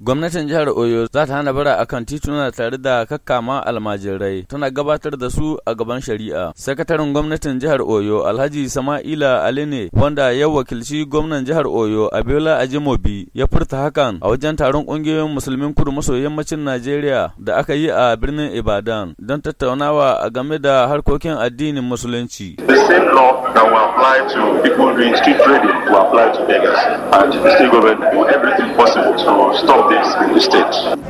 Gwamnatin jihar Oyo za ta hana bara akan tituna tare da kakkama almajirai tana gabatar da su a gaban shari'a. Sakataren gwamnatin jihar Oyo Alhaji Sama'ila Aline wanda ya wakilci gwamnan jihar Oyo Abiola Ajimobi ya furta hakan a wajen taron ƙungiyoyin musulmin kudu maso yammacin Najeriya da aka yi a birnin Ibadan don tattaunawa a game da harkokin addinin musulunci. The same law that will apply to people doing street trading will everything possible to stop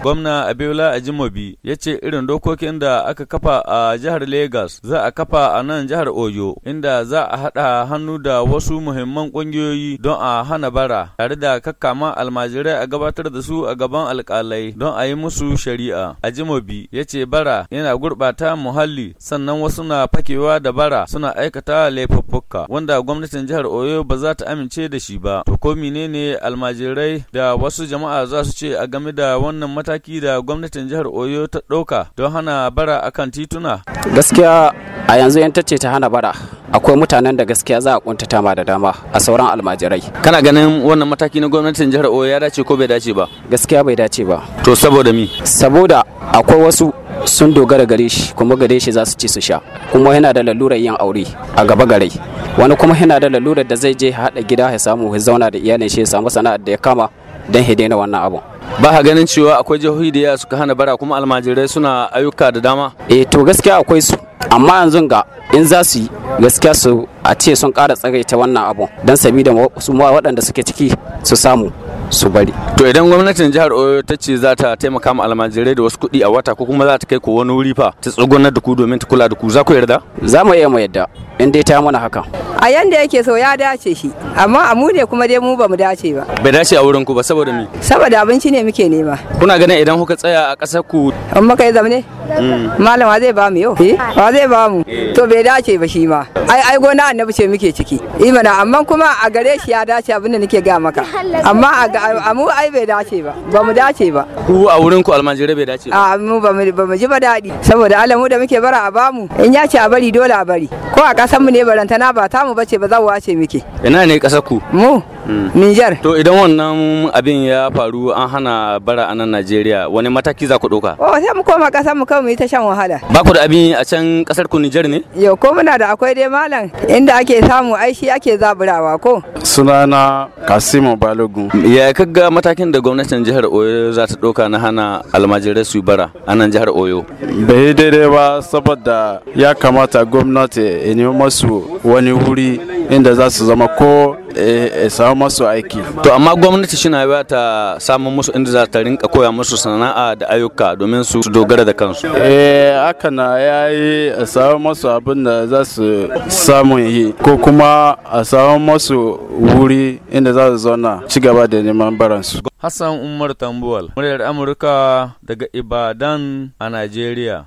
Gwamna Abiola Ajimobi ya ce irin dokokin da aka kafa a jihar Legas za a kafa a nan jihar Oyo inda za a haɗa hannu da wasu muhimman ƙungiyoyi don a hana bara tare da kakkama almajirai a gabatar da su a gaban alƙalai don a yi musu shari'a. Ajimobi ya ce bara yana gurɓata muhalli sannan wasu na fakewa da bara suna aikata laifuffuka wanda gwamnatin jihar Oyo ba za ta amince da shi ba. To ko menene almajirai da wasu jama'a za su ce ce a game da wannan mataki da gwamnatin jihar Oyo ta ɗauka don hana bara akan tituna? Gaskiya a yanzu yan tace ta hana bara. akwai mutanen da gaskiya za a kuntata ma da dama a sauran almajirai kana ganin wannan mataki na gwamnatin jihar oyo ya dace ko bai dace ba gaskiya bai dace ba to saboda mi saboda akwai wasu sun dogara gare shi kuma gare shi za su ci su sha kuma yana da lalurar yin aure a gaba gare wani kuma yana da lalurar da zai je haɗa gida ya samu ya zauna da iyalin shi ya samu sana'ar da ya kama don ya wannan abu. ba ha ganin cewa akwai jihohi da yawa suka hana bara kuma almajirai suna ayyuka da dama eh to gaskiya akwai su amma yanzu ga in za su yi gaskiya su a ce sun ƙara tsagaita wannan abun don sabida su waɗanda suke ciki su samu su bari. To idan gwamnatin jihar Oyo ta ce za ta taimaka ma almajirai da wasu kuɗi a wata ko kuma za ta kai ko wani wuri fa ta tsugunar da ku domin ta kula da ku za ku yarda? Za mu iya mu in dai ta mana haka. a yanda yake so ya dace shi amma a mu kuma dai mu bamu dace ba bai dace a wurin ku ba saboda me saboda abinci ne muke nema kuna ganin idan kuka tsaya a ƙasar ku an muka yi zamne Mm. malama zai ba mu yau ba eh? eh, zai ba mu to bai dace ba shi ma ai ai gona annabi ce muke ciki imana eh amma kuma a gare shi ya dace abin da nake ga maka amma a mu ai bai dace ba ba mu dace ba ku a wurin ku almajirai bai dace ba a mu ba mu ji ba daɗi saboda alamu da muke bara a bamu in ya ce a bari dole a bari ko a kasan mu ne barantana ba ta mu bace ba zawo ce muke ina ne kasar ku mu mm. Niger. To idan wannan abin ya faru an hana bara a nan Najeriya wani mataki za ku ɗauka? Oh sai mu koma ƙasar mu kawai mu yi ta shan wahala ba ku da abin a can kasar ku Nijar ne yau ko muna da akwai dai malam inda ake samu aishi ake zaburawa ko sunana Kasimu Balogun ya ga matakin da gwamnatin jihar Oyo za ta ɗauka na hana almajirai su bara a nan jihar Oyo bai yi daidai ba saboda ya kamata gwamnati ya nemi masu wani wuri inda za su zama ko Eh, eh, samu masu aiki to amma gwamnati shina ba ta samun musu inda za ta rinka koya musu sana'a da ayyuka domin su dogara da kansu eh haka na yayi a samu masu abin da za su samu yi ko kuma a samu masu wuri inda za su zauna ci gaba da neman baransu Hassan Umar Tambuwal, muryar Amurka daga Ibadan a Najeriya.